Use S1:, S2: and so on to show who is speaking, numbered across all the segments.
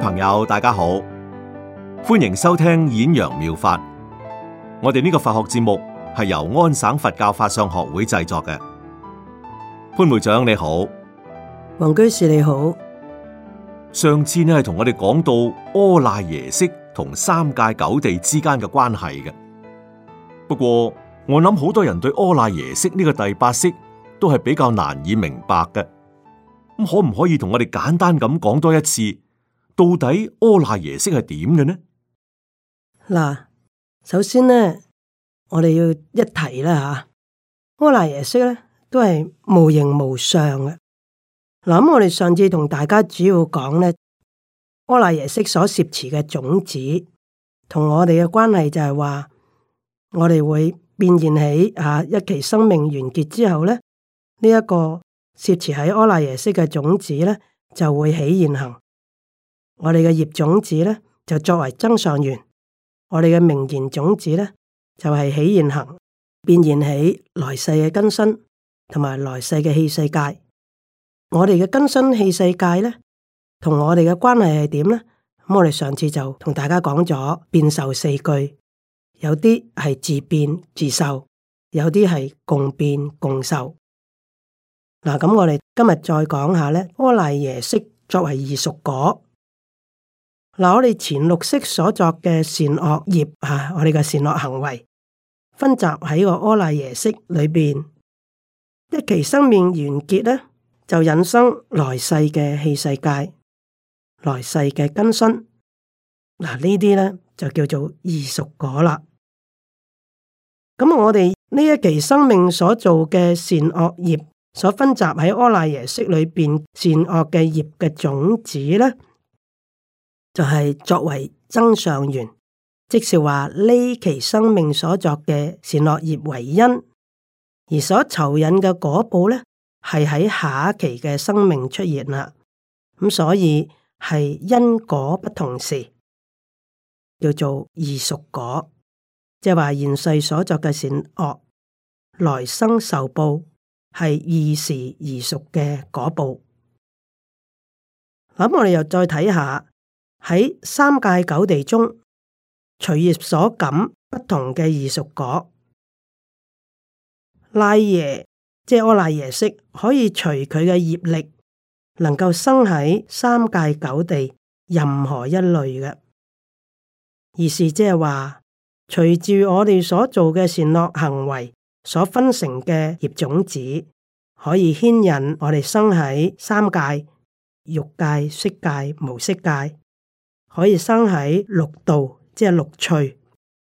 S1: 朋友，大家好，歡迎收聽演揚妙、妙法。我哋呢個法學節目係由安省佛教法相學會製作嘅。潘會長你好，
S2: 黃居士你好。
S1: 上次呢係同我哋講到阿賴耶識同三界九地之間嘅關係嘅。不過我諗好多人對阿賴耶識呢個第八識都係比較難以明白嘅。咁可唔可以同我哋簡單咁講多一次？到底阿賴耶識係點
S2: 嘅呢？嗱，首先呢，我哋要一提啦吓，阿賴耶識咧都係無形無相嘅。嗱，咁我哋上次同大家主要講呢，阿賴耶識所攝持嘅種子同我哋嘅關係就係話，我哋會變現起啊一期生命完結之後咧，呢、這、一個攝持喺阿賴耶識嘅種子咧就會起現行。我哋嘅業種子咧，就作為增上緣；我哋嘅名言種子咧，就係、是、起現行、變現起來世嘅根身，同埋來世嘅器世界。我哋嘅根身器世界咧，同我哋嘅關係係點咧？咁我哋上次就同大家講咗變受四句，有啲係自變自受，有啲係共變共受。嗱，咁我哋今日再講下咧，阿賴耶識作為異熟果。嗱，我哋前六識所作嘅善惡業啊，我哋嘅善惡行為分集喺個阿賴耶識裏邊。一期生命完結咧，就引生來世嘅器世界，來世嘅根身。嗱、啊，呢啲咧就叫做異熟果啦。咁我哋呢一期生命所做嘅善惡業，所分集喺阿賴耶識裏邊善惡嘅業嘅種子咧。就係作為增上緣，即是話呢期生命所作嘅善惡業為因，而所酬引嘅果報呢，係喺下期嘅生命出現啦。咁所以係因果不同時，叫做異熟果，即係話現世所作嘅善惡，來生受報係異時異熟嘅果報。咁我哋又再睇下。喺三界九地中，隨業所感不同嘅異熟果，賴耶即係阿賴耶識，可以隨佢嘅業力，能夠生喺三界九地任何一類嘅。意思即係話，隨住我哋所做嘅善惡行為所分成嘅業種子，可以牽引我哋生喺三界、欲界、色界、無色界。可以生喺六道，即係六趣、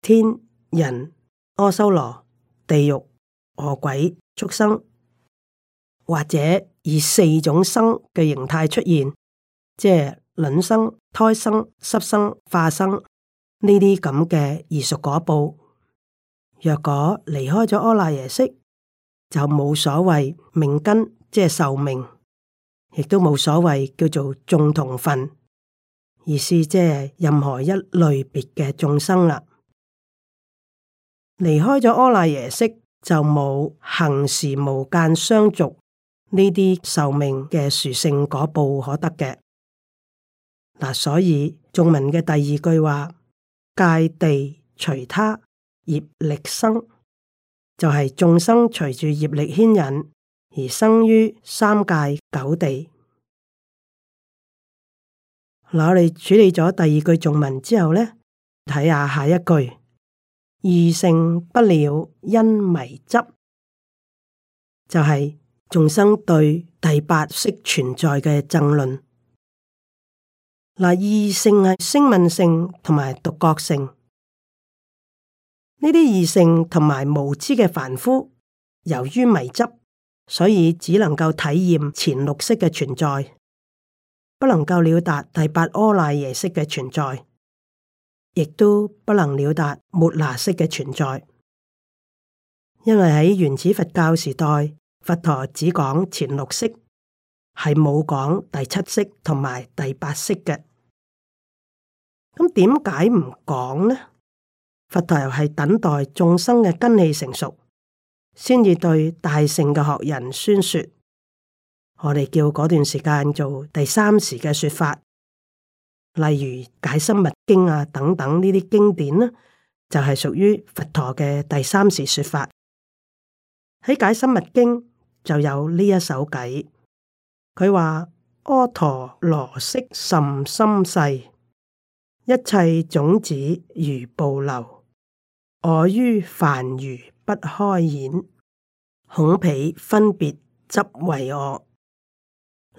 S2: 天人、阿修羅、地獄、餓鬼、畜生，或者以四種生嘅形態出現，即係卵生、胎生、濕生、化生呢啲咁嘅異熟果報。若果離開咗阿賴耶識，就冇所謂命根，即係壽命，亦都冇所謂叫做眾同分。意思即係任何一類別嘅眾生啦，離開咗阿賴耶識就冇恒時無間相續呢啲壽命嘅殊勝果報可得嘅嗱、啊，所以頌文嘅第二句話界地隨他業力生，就係、是、眾生隨住業力牽引而生於三界九地。嗱，我哋處理咗第二句頌文之後咧，睇下下一句，二乘不了因迷執，就係、是、眾生對第八識存在嘅爭論。嗱，二乘係，聲聞乘同埋獨覺乘呢啲二乘同埋無知嘅凡夫，由於迷執，所以只能夠體驗前六識嘅存在。不能夠了達第八阿賴耶識嘅存在，亦都不能了達末那識嘅存在，因為喺原始佛教時代，佛陀只講前六識，係冇講第七識同埋第八識嘅。咁點解唔講呢？佛陀又係等待眾生嘅根器成熟，先至對大乘嘅學人宣說。我哋叫嗰段時間做第三時嘅說法，例如《解深密經》啊等等呢啲經典呢、啊、就係、是、屬於佛陀嘅第三時說法。喺《解深密經》就有呢一首偈，佢話阿陀羅識甚深細，一切種子如瀑流，我於凡愚不開演，恐彼分別執為我。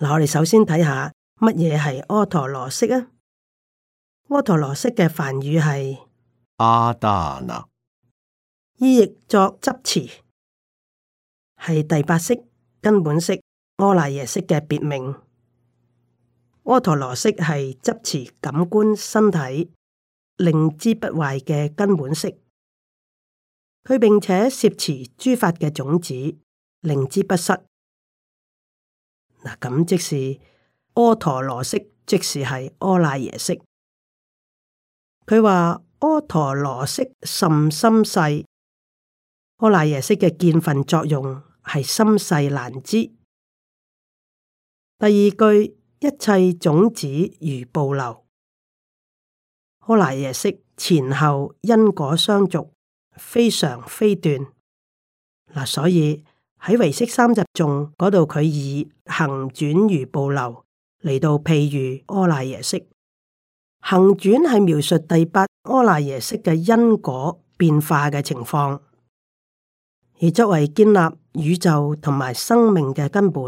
S2: 嗱，我哋首先睇下乜嘢係阿陀羅識啊？阿陀羅識嘅梵語係
S1: 阿達那，
S2: 意譯作執持，係第八識根本識，阿賴耶識嘅別名。阿陀羅識係執持感官身體，令之不壞嘅根本識。佢並且攝持諸法嘅種子，令之不失。嗱，咁即是阿陀羅識，即是係阿賴耶識。佢話阿陀羅識甚深細，阿賴耶識嘅見分作用係深細難知。第二句，一切種子如瀑流，阿賴耶識前後因果相續，非常非斷。嗱，所以。喺唯識三十頌嗰度，佢以恆轉如暴流嚟到譬喻阿賴耶識。恆轉係描述第八阿賴耶識嘅因果變化嘅情況，而作為建立宇宙同埋生命嘅根本。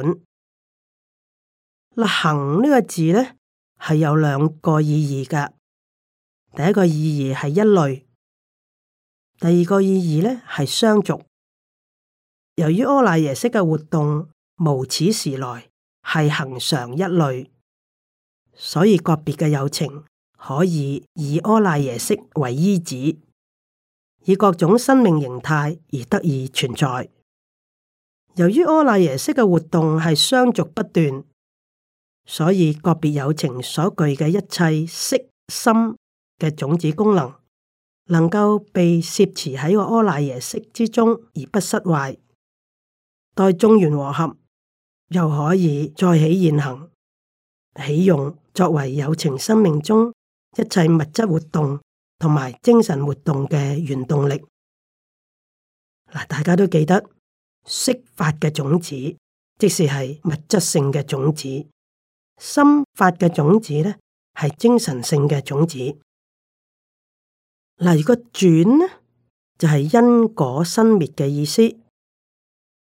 S2: 嗱，恆呢個字咧係有兩個意義噶，第一個意義係一類，第二個意義咧係相續。由於阿賴耶識嘅活動無始時來係恒常一類，所以個別嘅有情可以以阿賴耶識為依止，以各種生命形態而得以存在。由於阿賴耶識嘅活動係相續不斷，所以個別有情所具嘅一切色心嘅種子功能，能夠被攝持喺個阿賴耶識之中而不失壞。待眾緣和合，又可以再起現行起用，作為有情生命中一切物質活動同埋精神活動嘅原動力。嗱，大家都記得色法嘅種子，即是係物質性嘅種子；心法嘅種子咧，係精神性嘅種子。嗱，如果轉呢，就係、是、因果生滅嘅意思。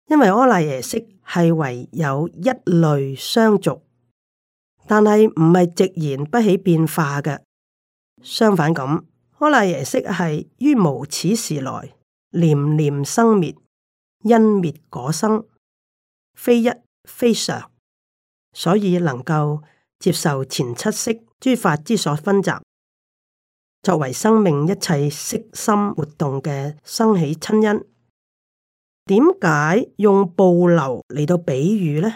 S2: 因為阿賴耶識係唯有一類相續，但係唔係直言不起變化嘅。相反咁，阿賴耶識係於無始時來，念念生滅，因滅果生，非一非常，所以能夠接受前七識諸法之所分集，作為生命一切識心活動嘅生起親因。點解用暴流嚟到比喻呢？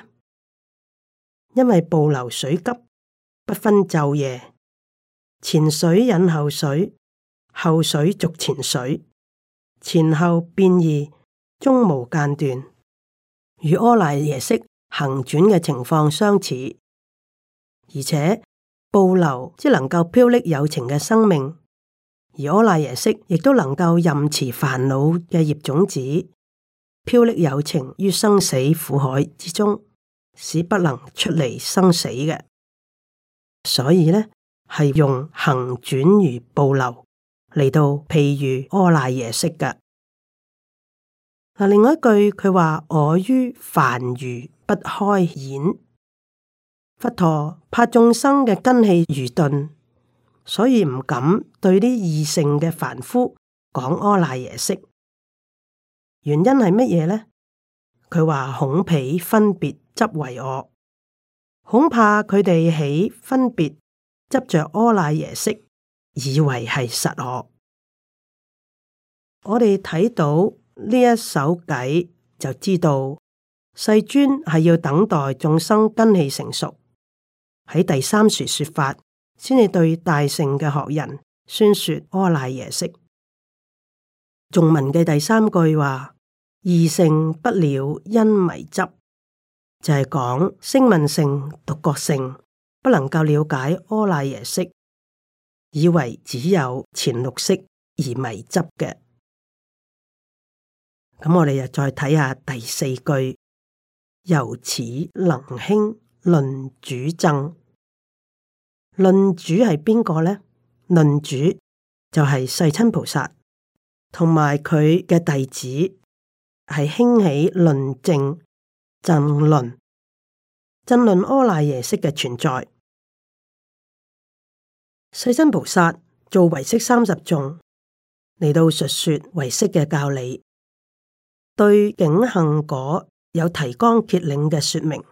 S2: 因為暴流水急，不分晝夜，前水引後水，後水逐前水，前後變異，終無間斷，與阿賴耶識行轉嘅情況相似。而且暴流只能夠飄溺有情嘅生命，而阿賴耶識亦都能夠任持煩惱嘅業種子。飄溺有情於生死苦海之中，是不能出離生死嘅。所以呢，係用行轉如暴流嚟到譬如阿賴耶識嘅。嗱，另外一句佢話：我於凡愚不開演。佛陀怕眾生嘅根器愚鈍，所以唔敢對啲異生嘅凡夫講阿賴耶識。原因係乜嘢呢？佢話，恐彼分別執為我，恐怕佢哋起分別執着阿賴耶識，以為係實我。我哋睇到呢一首偈，就知道世尊係要等待眾生根器成熟，喺第三說說法，先至對大乘嘅學人宣說阿賴耶識。仲文嘅第三句話，二乘不了因迷執，就係講聲聞乘、獨覺乘不能夠了解阿賴耶識，以為只有前六識而迷執嘅。咁我哋又再睇下第四句，由此能興論主諍，論主係邊個呢？論主就係世親菩薩。同埋佢嘅弟子係興起論正鎮論鎮論柯賴耶式嘅存在，世尊菩薩做維識三十眾嚟到述說維識嘅教理，對景行果有提綱揭領嘅說明。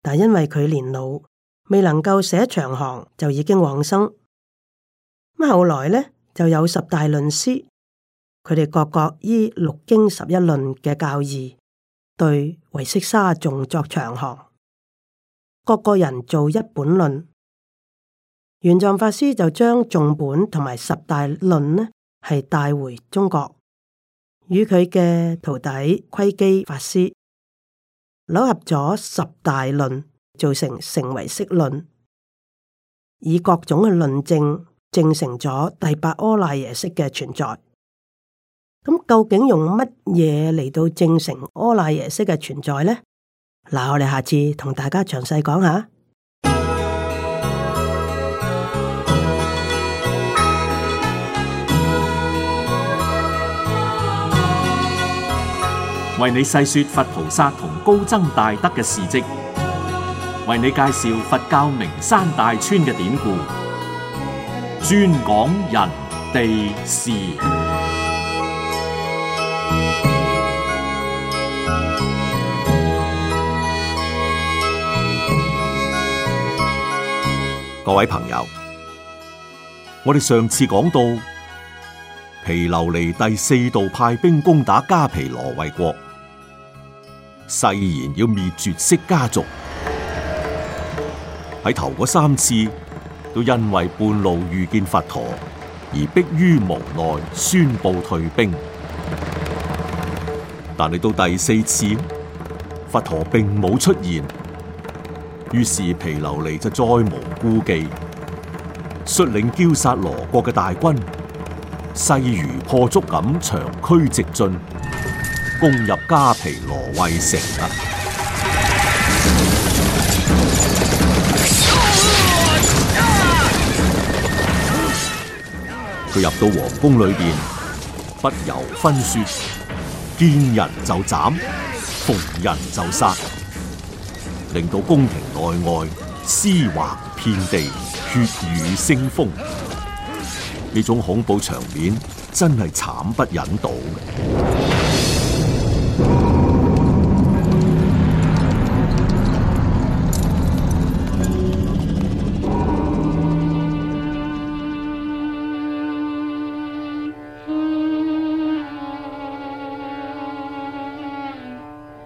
S2: 但因為佢年老，未能夠寫長行，就已經往生。咁後來咧就有十大論師。佢哋各國依六經十一論嘅教義，對唯識三十頌作長行，各個人做一本論，玄奘法師就將眾本同埋十大論呢係帶回中國，與佢嘅徒弟窺基法師糅合咗十大論，做成成唯識論，以各種嘅論證證成咗第八阿賴耶識嘅存在。咁究竟用乜嘢嚟到證成阿賴耶識嘅存在呢？嗱，我哋下次同大家詳細講下。
S1: 為你細說佛菩薩同高僧大德嘅事跡，為你介紹佛教名山大川嘅典故，專講人地事。各位朋友，我哋上次講到毗琉璃第四度派兵攻打迦毗羅衛國，誓言要滅絕釋家族。喺頭嗰三次都因為半路遇見佛陀而迫於無奈宣布退兵，但係到第四次，佛陀並冇出現。於是毗琉璃就再無顧忌，率領憍薩羅國嘅大軍，勢如破竹咁長驅直進，攻入迦毗羅衛城啦。佢入到皇宮裏邊，不由分說，見人就斬，逢人就殺。令到宮廷內外屍橫遍地，血雨腥風，呢種恐怖場面真係慘不忍睹。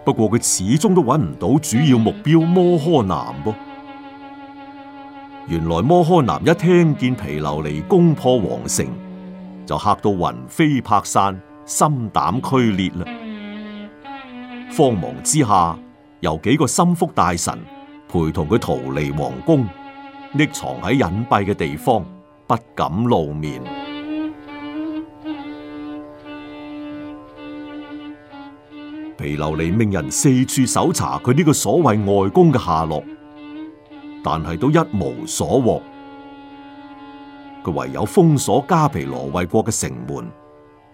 S1: 不過佢始終都揾唔到主要目標摩訶男噃。原來摩訶男一聽見毗琉璃攻破皇城，就嚇到魂飛魄散、心膽俱裂啦。慌忙之下，由幾個心腹大臣陪同佢逃離皇宮，匿藏喺隱蔽嘅地方，不敢露面。毗琉璃命人四處搜查，佢呢個所謂外公嘅下落，但係都一無所獲。佢唯有封鎖迦毗羅衛國嘅城門，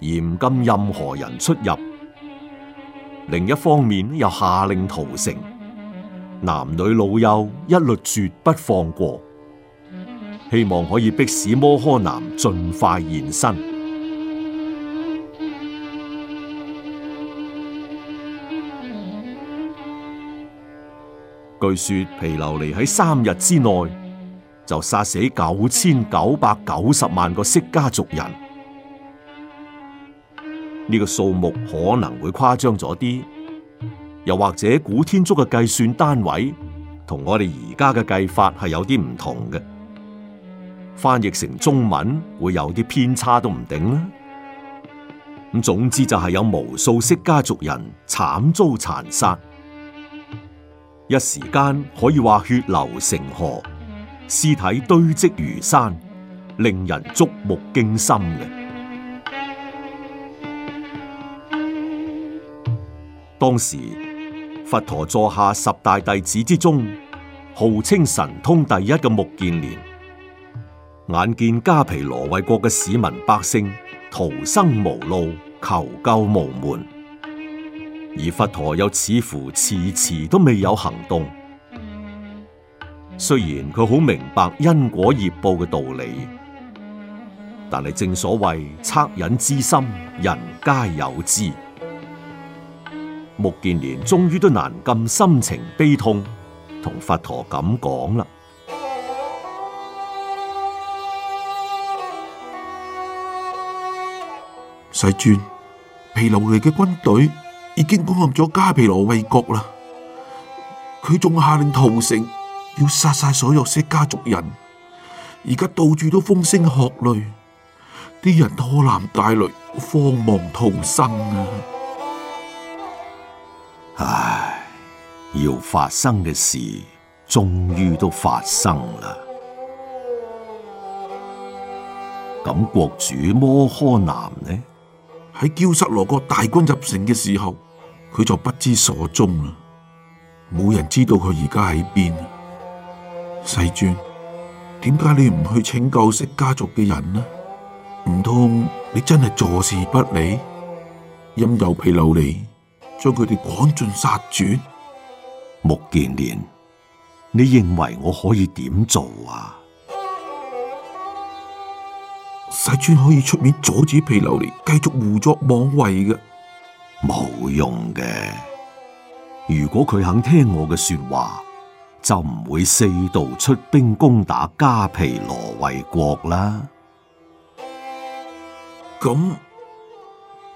S1: 嚴禁任何人出入。另一方面，又下令屠城，男女老幼一律絕不放過，希望可以迫使摩訶男盡快現身。據說毗琉璃喺三日之內就殺死九千九百九十萬個釋迦族人，呢、這個數目可能會誇張咗啲，又或者古天竺嘅計算單位同我哋而家嘅計法係有啲唔同嘅，翻譯成中文會有啲偏差都唔定啦。咁總之就係有無數釋迦族人慘遭殘殺。一時間可以話血流成河，屍體堆積如山，令人觸目驚心嘅。當時佛陀座下十大弟子之中，號稱神通第一嘅目犍連，眼見迦毗羅衛國嘅市民百姓逃生無路，求救無門。而佛陀又似乎次次都未有行動，雖然佢好明白因果業報嘅道理，但係正所謂惻隱之心，人皆有之。目犍連終於都難禁心情悲痛，同佛陀咁講啦：
S3: 世尊，毗琉璃嚟嘅軍隊。已經攻陷咗加皮羅衛國啦，佢仲下令屠城，要殺晒所有釋迦族人。而家到處都風聲鶴唳，啲人拖男帶女，慌忙逃生啊！
S1: 唉，要發生嘅事終於都發生啦。
S3: 咁國主摩訶男呢？喺憍薩羅國大軍入城嘅時候，佢就不知所蹤啦，冇人知道佢而家喺邊。世尊，點解你唔去拯救釋迦族嘅人呢？唔通你真係坐視不理，任由毗琉璃將佢哋趕盡殺絕？目犍連，你認為我可以點做啊？世尊可以出面阻止毗琉璃繼續胡作妄為嘅。冇
S1: 用嘅。如果佢肯聽我嘅說話，就唔會四度出兵攻打加皮羅衛國啦。
S3: 咁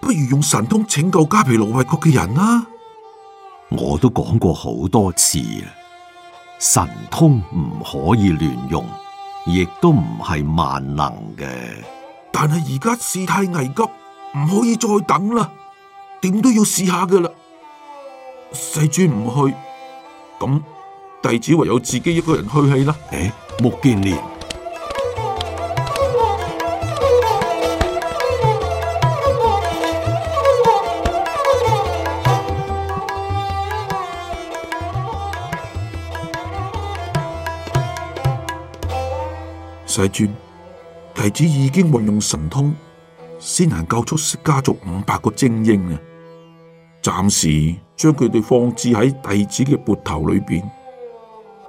S3: 不如用神通拯救加皮羅衛國
S1: 嘅人啦。我都講過好多次啦，神通唔可以亂用，亦都唔係萬能嘅。
S3: 但係而家事態危急，唔可以再等啦。點都要試下噶啦，世尊唔去，咁弟子唯有自己一個人去氣啦。誒，目犍連，世尊，弟子已經運用神通。先能救出家族五百個精英啊！暫時將佢哋放置喺弟子嘅缽頭裏邊。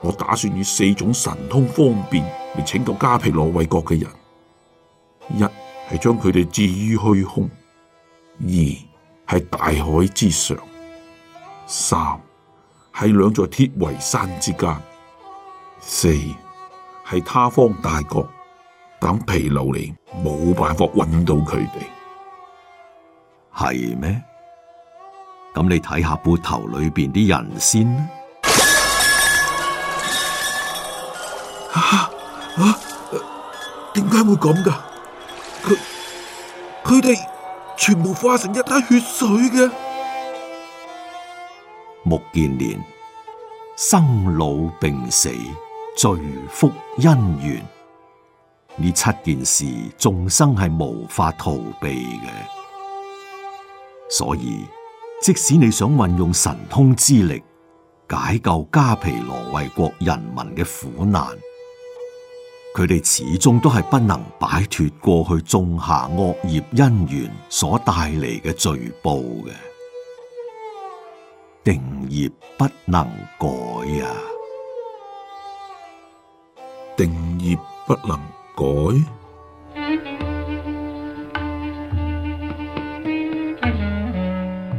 S3: 我打算以四種神通方便嚟拯救迦毗羅衛國嘅人：一係將佢哋置於虛空；二係大海之上；三係兩座鐵圍山之間；四係他方大國。等毗琉璃你，
S1: 冇辦法揾到佢哋，係咩？咁你睇下缽頭裏邊啲人先。啊啊！點解會咁㗎？
S3: 佢佢哋全部化成一灘血水嘅。
S1: 目犍連，生老病死，罪福因緣。呢七件事，眾生係無法逃避嘅，所以即使你想運用神通之力解救迦毗羅衛國人民嘅苦難，佢哋始終都係不能擺脱過去種下惡業因緣所帶嚟嘅罪報嘅，定業不能改啊，
S3: 定業不能。改，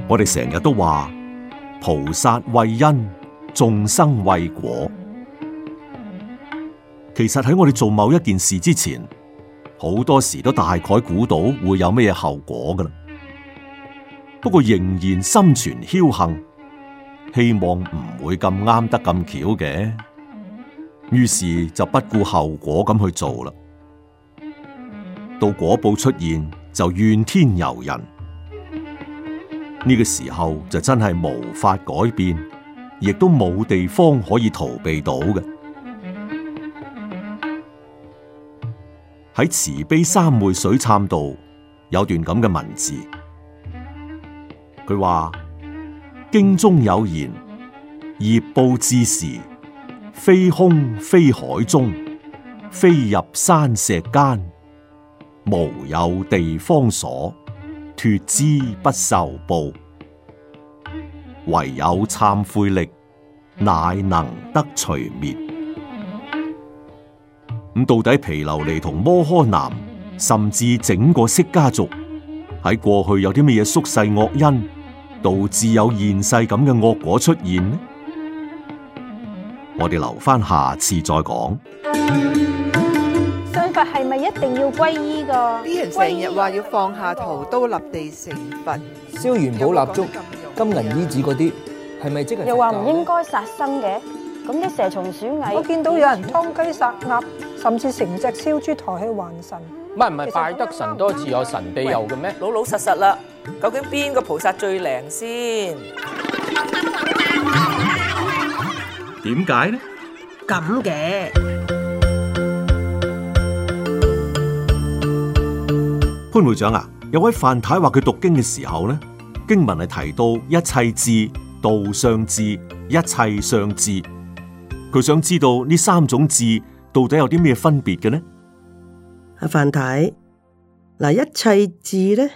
S1: 我哋成日都話菩薩畏因，眾生畏果。其實喺我哋做某一件事之前，好多時都大概估到會有咩後果噶啦。不過仍然心存僥倖，希望唔會咁啱得咁巧嘅，於是就不顧後果咁去做啦。到果報出現就怨天尤人，呢、這個時候就真係無法改變，亦都冇地方可以逃避到嘅。喺慈悲三昧水懺度有段咁嘅文字，佢話經中有言：業報之時，非空非海中，非入山石間無有地方所脱之不受報，唯有懺悔力，乃能得除滅。咁 到底毗琉璃同摩訶男，甚至整個釋家族喺過去有啲咩嘢宿世惡因，導致有現世咁嘅惡果出現呢？我哋留翻下次再講。
S2: 係咪一定要皈依
S3: 噶？啲人成日話要放下屠刀立地成佛，
S1: 燒元寶蠟燭、金銀衣紙嗰啲，係咪即係？又話唔應
S2: 該殺生嘅，咁啲蛇蟲鼠蟻，我見到有人劏雞殺鴨，甚至成隻燒豬抬去還神。
S1: 唔係，唔係，拜得神多自有神庇佑嘅咩？老老實實啦，究竟邊個菩薩最靈
S2: 先？
S1: 點解呢？
S2: 咁嘅。
S1: 潘會長啊，有位范太話佢讀經嘅時候咧，經文係提到一切智、道相智、一切相智。佢想知道呢三種智到底有啲咩分別嘅呢？
S2: 阿范太，嗱，一切智咧，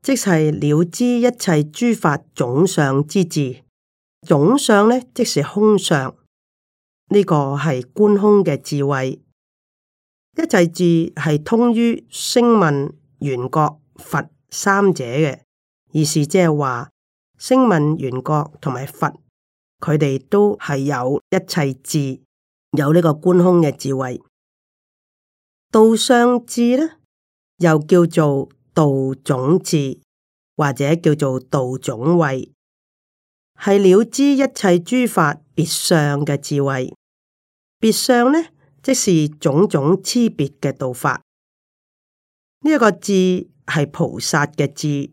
S2: 即係了知一切諸法總相之智。總相咧，即是空相。呢、這個係觀空嘅智慧。一切智係通於聲聞緣覺、佛三者嘅，意思即係話，聲聞、緣覺同埋佛，佢哋都係有一切智，有呢個觀空嘅智慧。道相智呢，又叫做道種智，或者叫做道種慧，係了知一切諸法別相嘅智慧。別相呢，即是種種差別嘅道法。呢一個智係菩薩嘅智，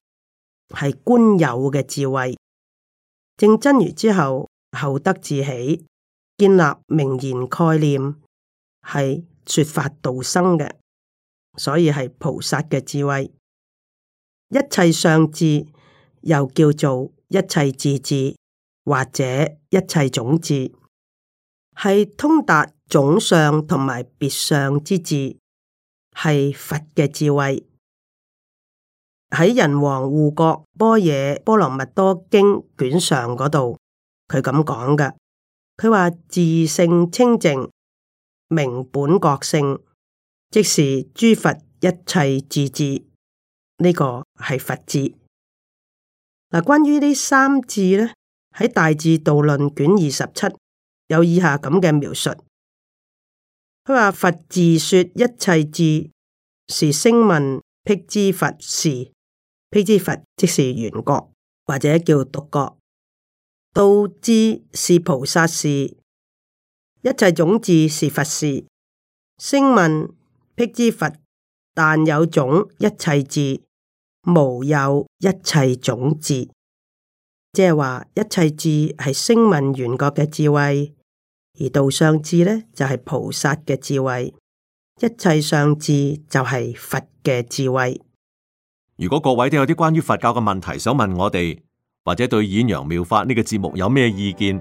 S2: 係觀有嘅智慧。正真如之後，後得智起，建立名言概念，係說法度生嘅，所以係菩薩嘅智慧。一切相智，又叫做一切智智，或者一切種智，係通達總相同埋別相之智。係佛嘅智慧喺《仁王護國般若波羅蜜多經卷上那裡》嗰度，佢咁講嘅。佢話自性清淨明本覺性，即是諸佛一切智智」，呢個係佛智。嗱，關於呢三智呢，喺《大智度論卷二十七》有以下咁嘅描述。佢話佛字說一切智是聲聞辟支佛事。辟支佛，即是緣覺或者叫獨覺。道智是菩薩事，一切種智是佛事。聲聞辟支佛，但有總一切智，無有一切種智。即係話一切智係聲聞緣覺嘅智慧。而道相智咧就係、是、菩薩嘅智慧，一切相智就係佛嘅智慧。
S1: 如果各位都有啲關於佛教嘅問題想問我哋，或者對《演揚妙法》呢、這個節目有咩意見，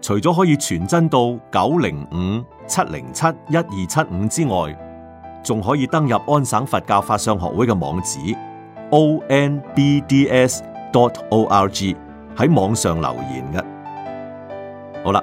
S1: 除咗可以傳真到九零五七零七一二七五之外，仲可以登入安省佛教法相學會嘅網址 o n b d s dot o r g 喺網上留言嘅。好啦。